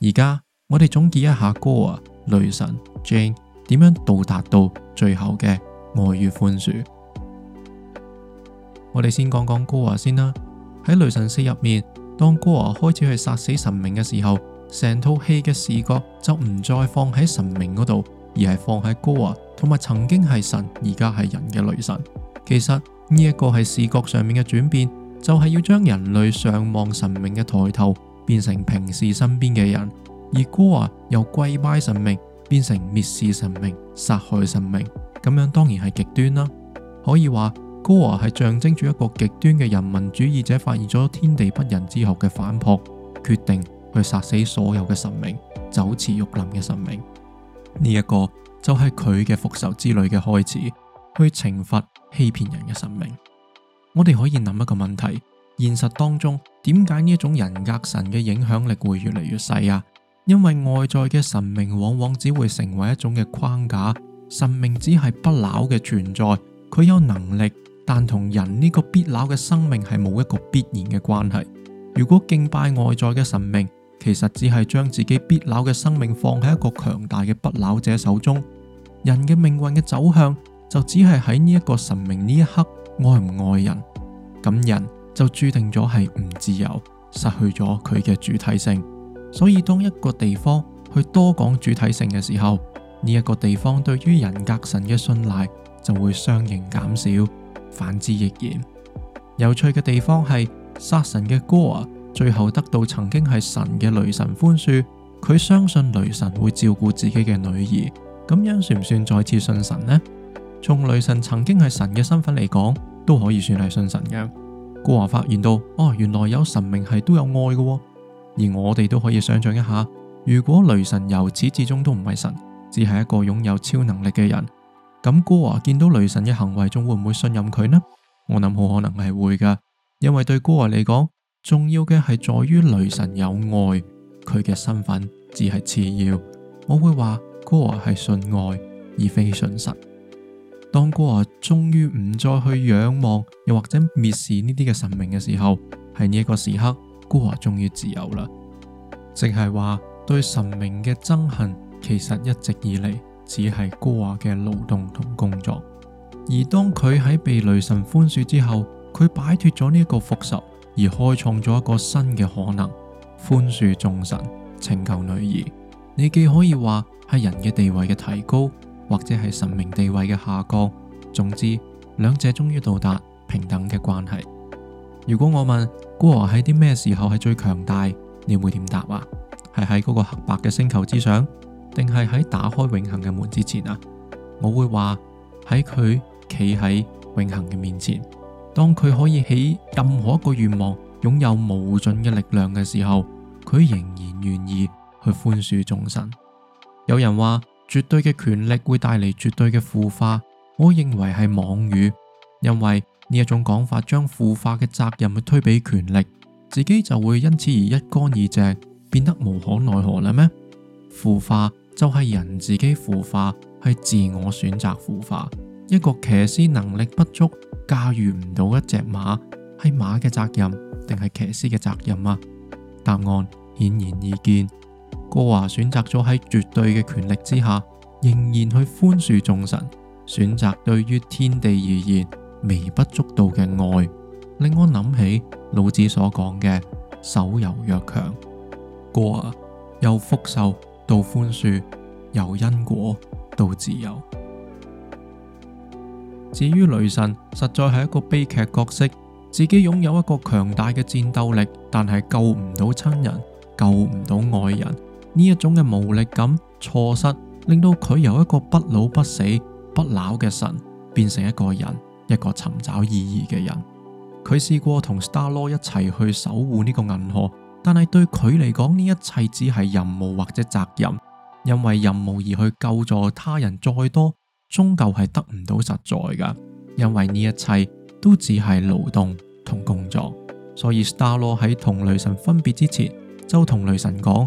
而家我哋總結一下，哥啊，雷神 Jane 點樣到達到最後嘅愛與寬恕？我哋先講講哥啊先啦。喺雷神四入面，當哥啊開始去殺死神明嘅時候，成套戲嘅視覺就唔再放喺神明嗰度，而係放喺哥啊同埋曾經係神而家係人嘅雷神。其實。呢一個係視覺上面嘅轉變，就係、是、要將人類上望神明嘅抬頭變成平視身邊嘅人，而 Gorr 由「跪拜神明變成蔑視神明、殺害神明，咁樣當然係極端啦。可以話 Gorr 係象徵住一個極端嘅人民主義者發現咗天地不仁之後嘅反撲，決定去殺死所有嘅神明，就似玉林嘅神明。呢、這、一個就係佢嘅復仇之旅嘅開始，去懲罰。欺騙人嘅神明，我哋可以諗一個問題：現實當中點解呢一種人格神嘅影響力會越嚟越細啊？因為外在嘅神明往往只會成為一種嘅框架，神明只係不朽嘅存在，佢有能力，但同人呢個必朽嘅生命係冇一個必然嘅關係。如果敬拜外在嘅神明，其實只係將自己必朽嘅生命放喺一個強大嘅不朽者手中，人嘅命運嘅走向，就只係喺呢一個神明呢一刻愛唔愛人，咁人就注定咗係唔自由，失去咗佢嘅主體性。所以當一個地方去多講主體性嘅時候，呢一個地方對於人格神嘅信賴就會相應減少，反之亦然。有趣嘅地方係殺神嘅 Gorr 啊，最後得到曾經係神嘅雷神寬恕，佢相信雷神會照顧自己嘅女兒，咁樣算唔算再次信神呢？從雷神曾經係神嘅身份嚟講，都可以算係信神嘅。孤華發現到，哦，原來有神明係都有愛嘅喎，而我哋都可以想象一下，如果雷神由始至終都唔係神，只係一個擁有超能力嘅人，咁孤華見到雷神嘅行為，仲會唔會信任佢呢？我諗好可能係會噶，因為對孤華嚟講，重要嘅係在於雷神有愛，佢嘅身份只係次要。我會話孤華係信愛而非信神。當古華終於唔再去仰望，又或者蔑視呢啲嘅神明嘅時候，喺呢一個時刻，古華終於自由啦。淨係話對神明嘅憎恨，其實一直以嚟，只係古華嘅勞動同工作。而當佢喺被雷神寬恕之後，佢擺脫咗呢一個復仇，而開創咗一個新嘅可能，寬恕眾神，拯救女兒。你既可以話係人嘅地位嘅提高。或者係神明地位嘅下降，總之兩者終於到達平等嘅關係。如果我問 Gorr 喺啲咩時候係最強大，你會點答啊？係喺嗰個黑白嘅星球之上，定係喺打開永恆嘅門之前啊？我會話喺佢企喺永恆嘅面前，當佢可以起任何一個願望，擁有無盡嘅力量嘅時候，佢仍然願意去寬恕眾神。有人話。絕對嘅權力會帶嚟絕對嘅腐化，我認為係妄語，因為呢一種講法將腐化嘅責任去推俾權力，自己就會因此而一乾二淨，變得無可奈何啦咩？腐化就係人自己腐化，係自我選擇腐化。一個騎師能力不足，駕馭唔到一隻馬，係馬嘅責任定係騎師嘅責任啊？答案顯而易見。Gorr 啊，選擇咗喺絕對嘅權力之下，仍然去寬恕眾神，選擇對於天地而言微不足道嘅愛，令我諗起老子所講嘅守柔曰強。Gorr 啊，由復仇到寬恕，由因果到自由。至於雷神，實在係一個悲劇角色，自己擁有一個強大嘅戰鬥力，但係救唔到親人，救唔到愛人。呢一種嘅無力感、錯失，令到佢由一個不老不死、不朽嘅神，變成一個人，一個尋找意義嘅人。佢試過同 Star-Lord 一齊去守護呢個銀河，但係對佢嚟講，呢一切只係任務或者責任。因為任務而去救助他人再多，終究係得唔到實在噶。因為呢一切都只係勞動同工作。所以 Star-Lord 喺同雷神分別之前，就同雷神講。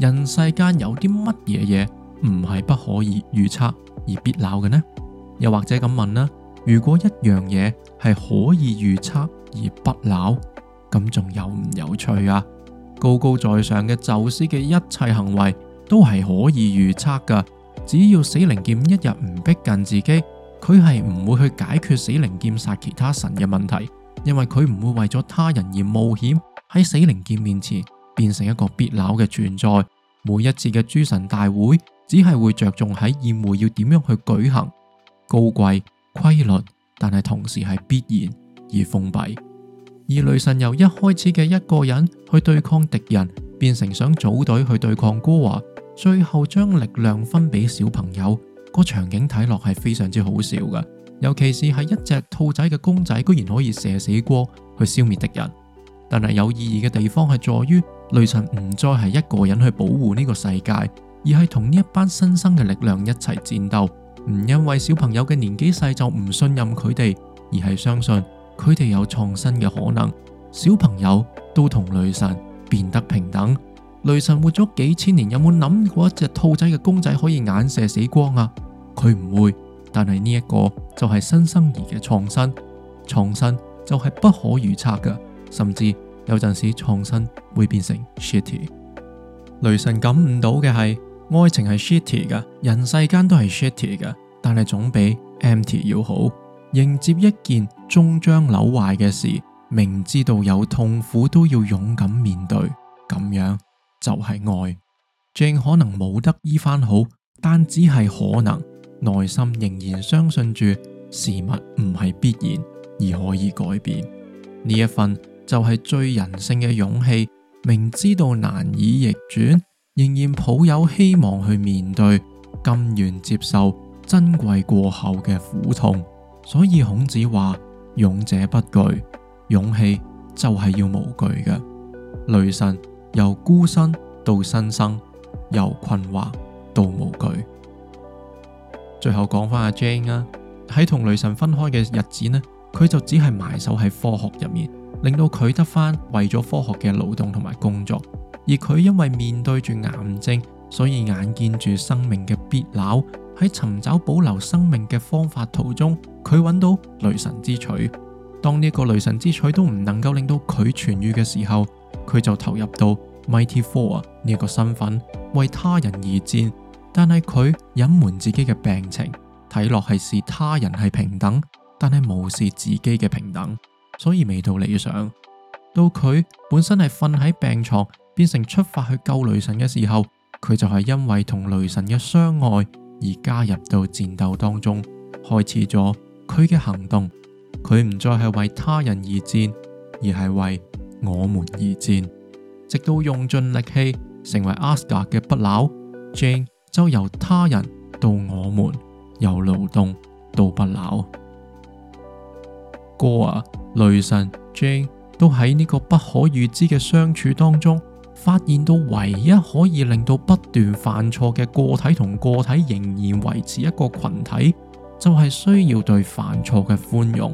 人世間有啲乜嘢嘢唔係不可以預測而必朽嘅呢？又或者咁問啦，如果一樣嘢係可以預測而不朽，咁仲有唔有趣啊？高高在上嘅宙斯嘅一切行為都係可以預測㗎，只要死靈劍一日唔逼近自己，佢係唔會去解決死靈劍殺其他神嘅問題，因為佢唔會為咗他人而冒險喺死靈劍面前。變成一個必朽嘅存在。每一次嘅諸神大會只係會着重喺宴會要點樣去舉行，高貴、規律，但係同時係必然而封閉。而雷神由一開始嘅一個人去對抗敵人，變成想組隊去對抗 Gorr，最後將力量分俾小朋友個場景睇落係非常之好笑嘅。尤其是係一隻兔仔嘅公仔，居然可以射死過去消滅敵人。但係有意義嘅地方係在於。雷神唔再係一個人去保護呢個世界，而係同呢一班新生嘅力量一齊戰鬥。唔因為小朋友嘅年紀細就唔信任佢哋，而係相信佢哋有創新嘅可能。小朋友都同雷神變得平等。雷神活咗幾千年，有冇諗過一隻兔仔嘅公仔可以眼射死光啊？佢唔會，但係呢一個就係新生兒嘅創新。創新就係不可預測㗎，甚至。有陣時創新會變成 shitty，雷神感悟到嘅係愛情係 shitty 噶，人世間都係 shitty 噶，但係總比 empty 要好。迎接一件終將扭壞嘅事，明知道有痛苦都要勇敢面對，咁樣就係愛。正可能冇得醫翻好，但只係可能，內心仍然相信住事物唔係必然而可以改變呢一份。就係最人性嘅勇氣，明知道難以逆轉，仍然抱有希望去面對、甘願接受珍貴過後嘅苦痛。所以孔子話：勇者不懼，勇氣就係要無懼嘅。雷神由孤身到新生，由困惑到無懼。最後講翻阿 Jane 啊，喺同雷神分開嘅日子呢，佢就只係埋首喺科學入面。令到佢得返為咗科學嘅勞動同埋工作，而佢因為面對住癌症，所以眼見住生命嘅必朽。喺尋找保留生命嘅方法途中，佢揾到雷神之錘。當呢個雷神之錘都唔能夠令到佢痊愈嘅時候，佢就投入到 Mighty Thor 呢一個身份為他人而戰。但係佢隱瞞自己嘅病情，睇落係視他人係平等，但係無視自己嘅平等。所以未到理想，到佢本身係瞓喺病床，變成出發去救雷神嘅時候，佢就係因為同雷神嘅相愛而加入到戰鬥當中，開始咗佢嘅行動。佢唔再係為他人而戰，而係為我們而戰。直到用盡力氣，成為阿斯加嘅不朽，Jane 就由他人到我們，由勞動到不朽。Gorr 啊！雷神 Jane 都喺呢個不可預知嘅相處當中，發現到唯一可以令到不斷犯錯嘅個體同個體仍然維持一個群體，就係、是、需要對犯錯嘅寬容。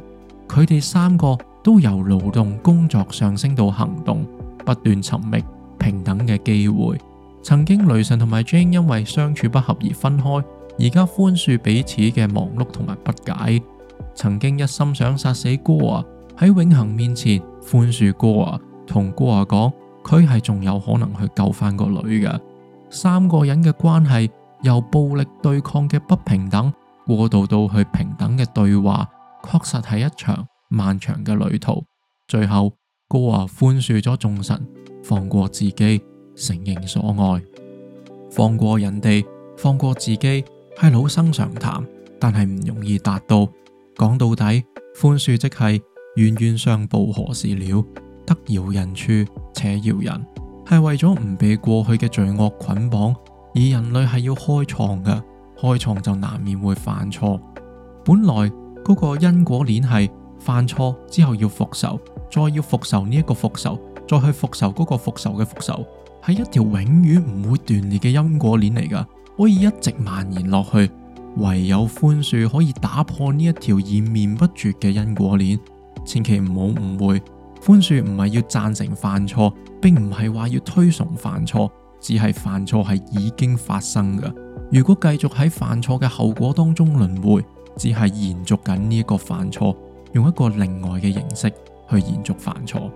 佢哋三個都由勞動工作上升到行動，不斷尋覓平等嘅機會。曾經雷神同埋 Jane 因為相處不合而分開，而家寬恕彼此嘅忙碌同埋不解。曾經一心想殺死哥啊！喺永恆面前寬恕哥啊，同哥啊講，佢係仲有可能去救翻個女嘅。三個人嘅關係由暴力對抗嘅不平等過渡到去平等嘅對話，確實係一場漫長嘅旅途。最後，哥啊寬恕咗眾神，放過自己，承認所愛，放過人哋，放過自己，係老生常談，但係唔容易達到。講到底，寬恕即係。冤冤相報何時了？得饒人處且饒人，係為咗唔被過去嘅罪惡捆綁。而人類係要開創嘅，開創就難免會犯錯。本來嗰個因果鏈係犯錯之後要復仇，再要復仇呢一個復仇，再去復仇嗰個復仇嘅復仇，係一條永遠唔會斷裂嘅因果鏈嚟噶，可以一直蔓延落去。唯有寬恕可以打破呢一條延綿不絕嘅因果鏈。千祈唔好誤會，寬恕唔係要贊成犯錯，並唔係話要推崇犯錯，只係犯錯係已經發生㗎。如果繼續喺犯錯嘅後果當中輪回，只係延續緊呢一個犯錯，用一個另外嘅形式去延續犯錯。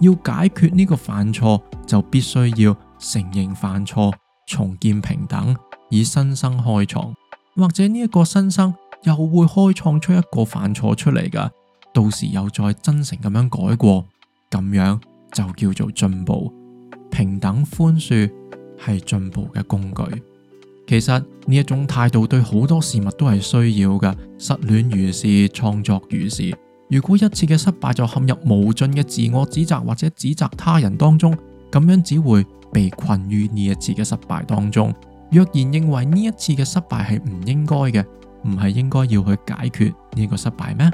要解決呢個犯錯，就必須要承認犯錯，重建平等，以新生開創，或者呢一個新生又會開創出一個犯錯出嚟㗎。到時又再真誠咁樣改過，咁樣就叫做進步。平等寬恕係進步嘅工具。其實呢一種態度對好多事物都係需要嘅。失戀如是，創作如是。如果一次嘅失敗就陷入無盡嘅自我指責或者指責他人當中，咁樣只會被困於呢一次嘅失敗當中。若然認為呢一次嘅失敗係唔應該嘅，唔係應該要去解決呢個失敗咩？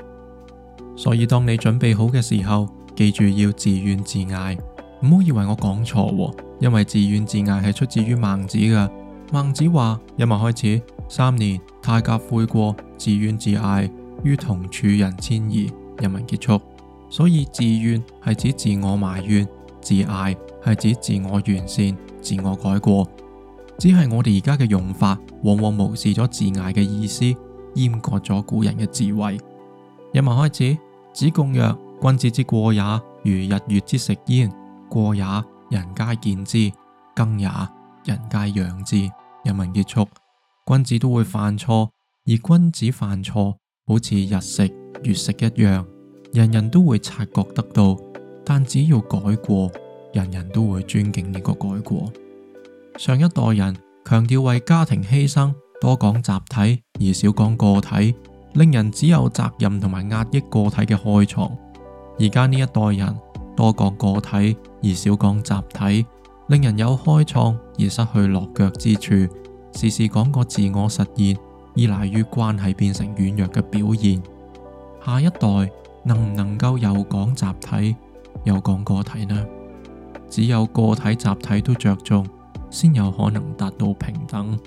所以當你準備好嘅時候，記住要自怨自艾，唔好以為我講錯喎，因為自怨自艾係出自於孟子㗎。孟子話：引文開始，三年，太甲悔過，自怨自艾，於桐處仁遷義，引文結束。所以自怨係指自我埋怨，自艾係指自我完善、自我改過。只係我哋而家嘅用法，往往無視咗自艾嘅意思，閹割咗古人嘅智慧。引文開始。子貢曰：君子之過也，如日月之食焉。過也，人皆見之；更也，人皆仰之。人民結束，君子都會犯錯，而君子犯錯，好似日食月食一樣，人人都會察覺得到。但只要改過，人人都會尊敬呢個改過。上一代人強調為家庭犧牲，多講集體而少講個體。令人只有責任同埋壓抑個體嘅開創，而家呢一代人多講個體而少講集體，令人有開創而失去落腳之處，時時講個自我實現，依賴於關係變成軟弱嘅表現。下一代能唔能夠又講集體又講個體呢？只有個體集體都着重，先有可能達到平等。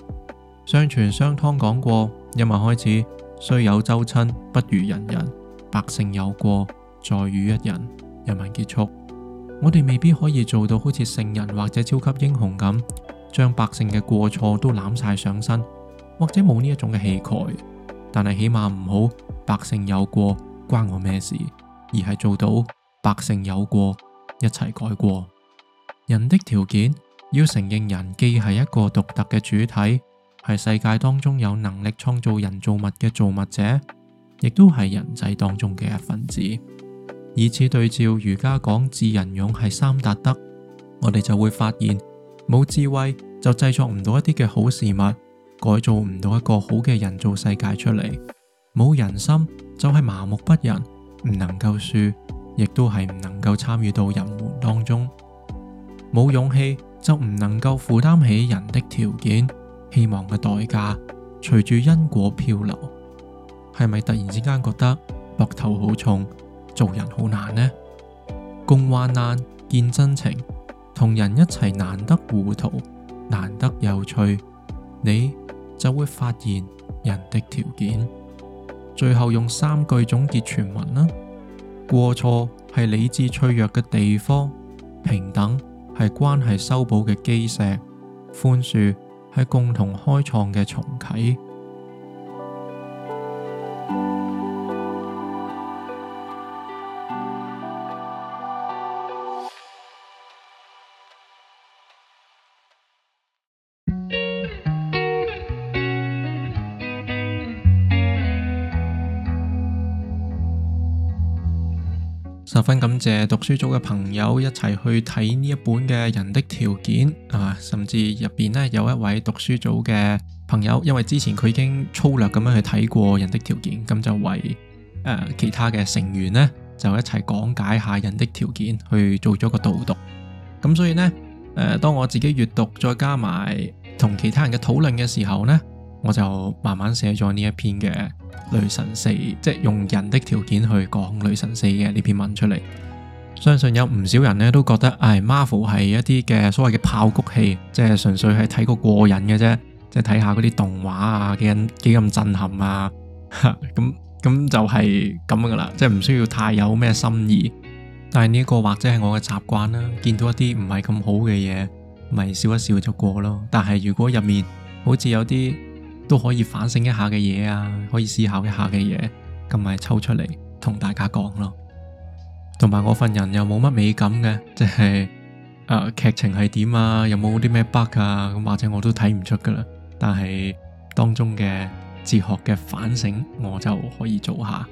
雙全商湯講過，正文開始。雖有周親，不如仁人；百姓有過，在予一人。人民結束，我哋未必可以做到好似聖人或者超級英雄咁，將百姓嘅過錯都攬晒上身，或者冇呢一種嘅氣概。但係起碼唔好百姓有過，關我咩事，而係做到百姓有過一齊改過。人的條件要承認人既係一個獨特嘅主體。係世界當中有能力創造人造物嘅造物者，亦都係人際當中嘅一份子。以此對照講，儒家講智仁勇係三達德，我哋就會發現，冇智慧就製作唔到一啲嘅好事物，改造唔到一個好嘅人造世界出嚟；冇仁心就係、是、麻木不仁，唔能夠恕，亦都係唔能夠參與到人們當中；冇勇氣就唔能夠負擔起人的條件。希望嘅代價，隨住因果漂流，係咪突然之間覺得膊頭好重，做人好難呢？共患難見真情，同人一齊難得糊塗，難得有趣，你就會發現人的條件。最後用三句總結全文啦：過錯係理智脆弱嘅地方，平等係關係修補嘅基石，寬恕係共同開創嘅重啟。十分感謝讀書組嘅朋友一齊去睇呢一本嘅《人的條件》啊，甚至入邊咧有一位讀書組嘅朋友，因為之前佢已經粗略咁樣去睇過《人的條件》，咁就為、呃、其他嘅成員呢，就一齊講解下《人的條件》去做咗個導讀。咁所以呢，誒、呃，當我自己閱讀再加埋同其他人嘅討論嘅時候呢。我就慢慢寫咗呢一篇嘅《雷神四》，即係用人的條件去講《雷神四》嘅呢篇文出嚟。相信有唔少人呢都覺得，唉、哎、Marvel 係一啲嘅所謂嘅爆谷戲，即係純粹係睇個過癮嘅啫，即係睇下嗰啲動畫啊幾咁幾咁震撼啊，咁 咁、嗯嗯、就係咁噶啦，即係唔需要太有咩心意。但係呢個或者係我嘅習慣啦，見到一啲唔係咁好嘅嘢，咪笑一笑就過咯。但係如果入面好似有啲。都可以反省一下嘅嘢啊，可以思考一下嘅嘢，咁咪抽出嚟同大家講咯。同埋我份人又冇乜美感嘅，即係誒、呃、劇情係點啊，有冇啲咩 bug 啊咁，或者我都睇唔出噶啦。但係當中嘅哲學嘅反省，我就可以做下。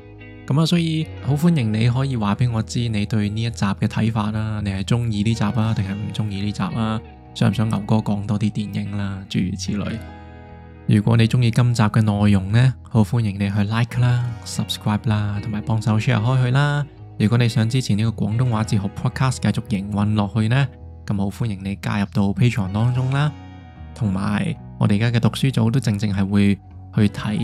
咁啊，所以好歡迎你可以話俾我知你對呢一集嘅睇法啦。你係中意呢集啊，定係唔中意呢集啊？想唔想牛哥講多啲電影啦、啊？諸如此類。如果你中意今集嘅內容呢，好歡迎你去 like 啦、subscribe 啦，同埋幫手 share 開去啦。如果你想支持呢個廣東話哲學 podcast 繼續營運落去呢，咁好歡迎你加入到 Patreon 當中啦。同埋，我哋而家嘅讀書組都正正係會去睇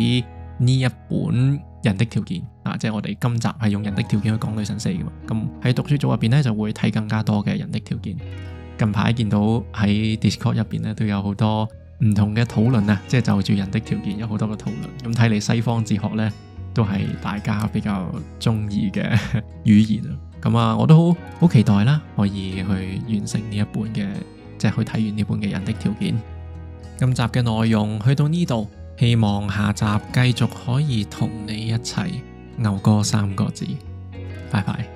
呢一本《人的條件》啊，即係我哋今集係用《人的條件》去講雷神四噶嘛。咁喺讀書組入邊呢，就會睇更加多嘅《人的條件》。近排見到喺 Discord 入邊呢，都有好多。唔同嘅討論啊，即係就住人的條件有好多嘅討論，咁睇嚟西方哲學呢都係大家比較中意嘅語言啊，咁啊我都好好期待啦，可以去完成呢一本嘅，即係去睇完呢本嘅《人的條件》。今集嘅內容去到呢度，希望下集繼續可以同你一齊。牛哥三個字，拜拜。